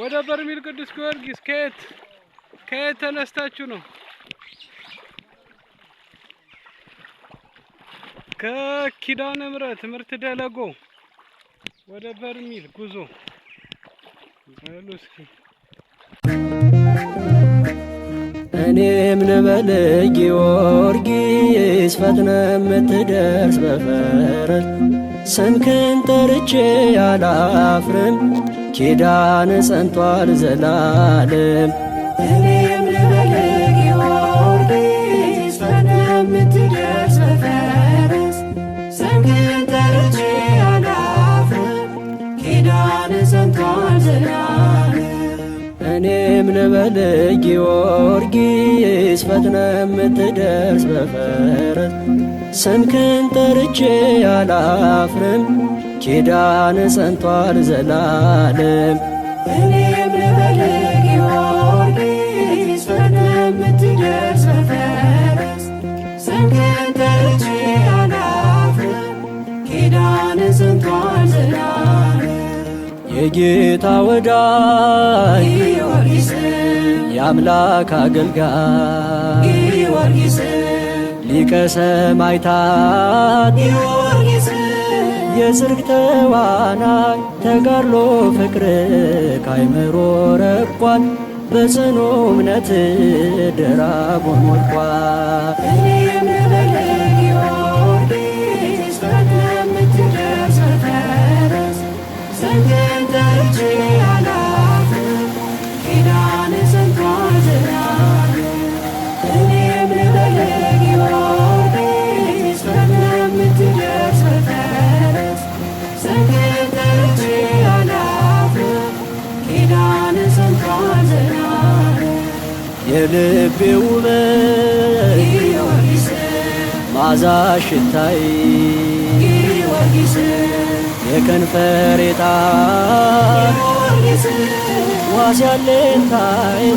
ወደ በርሜል ቅዱስ ጊዮርጊስ ከየት ከየት ተነስታችሁ ነው? ከኪዳነ ምሕረት ትምህርት ደለጎ ወደ በርሜል ጉዞ በሉ እስኪ እኔም ጊዮርጊስ ፈጥነ የምትደርስ በፈረስ ስምክን ጠርቼ አላፍርም ኪዳን ጸንቷል ዘላለም እኔም ልበል ጊዮርጊስ የምትደርስ በፈረስ ዘንግን ተርቼ አላፍርም ኪዳን ጸንቷል ዘላለም እኔም ጊዮርጊስ ፈጥነ የምትደርስ በፈረስ ጠርቼ አላፍርም ኪዳን ጸንቷል ዘላለም እኔም ልበል ጊዮርጊስ በፈረስ ኪዳን ጸንቷል ዘላለም የጌታ ወዳጅ ጊዮርጊስ የአምላክ አገልጋይ ጊዮርጊስ ሊቀ ሰማዕታት ጊዮርጊስ የጽድቅ ተዋናይ ተጋድሎ ፍቅር ካይምሮ ረቋል በጽኑ እምነት ደራጎ ሞልቋል። Sen de የልቤ ውበት ማዛሽ ሽታይ የከንፈሬ ጣዕም ዋስ ያለኝታይ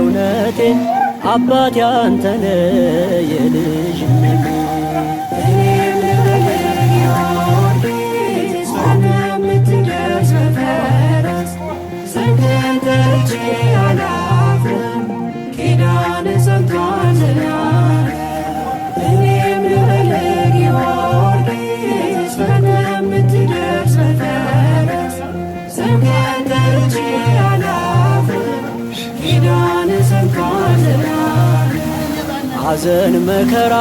እውነቴ አባት ያንተነ ሐዘን መከራ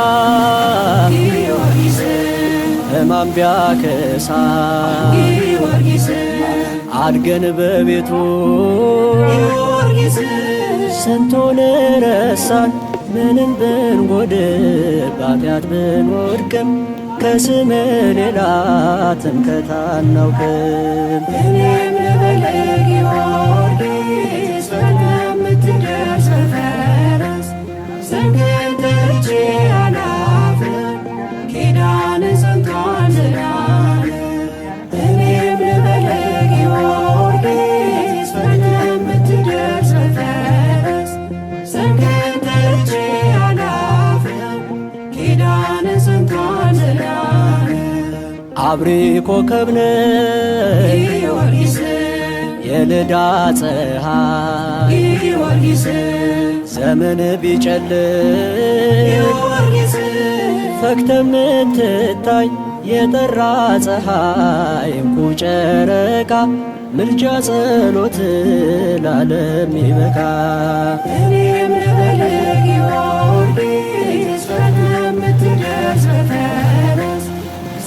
ሕማም ቢያከሳ አድገን በቤቱ ሰንቶን ረሳን ምንም ብንጎድ ባትያት ብንወድቅም ከስም ሌላ ትምክህት አናውቅም። አብሪ ኮከብነ ጊዮርጊስ የልዳ ፀሐይ ዘመን ቢጨል ጊዮርጊስ ፈክተ ምትታይ የጠራ ፀሐይ እንቁ ጨረቃ ምልጃ ጸሎት ላለም ይበቃ እኔም ልበል ጊዮርጊስ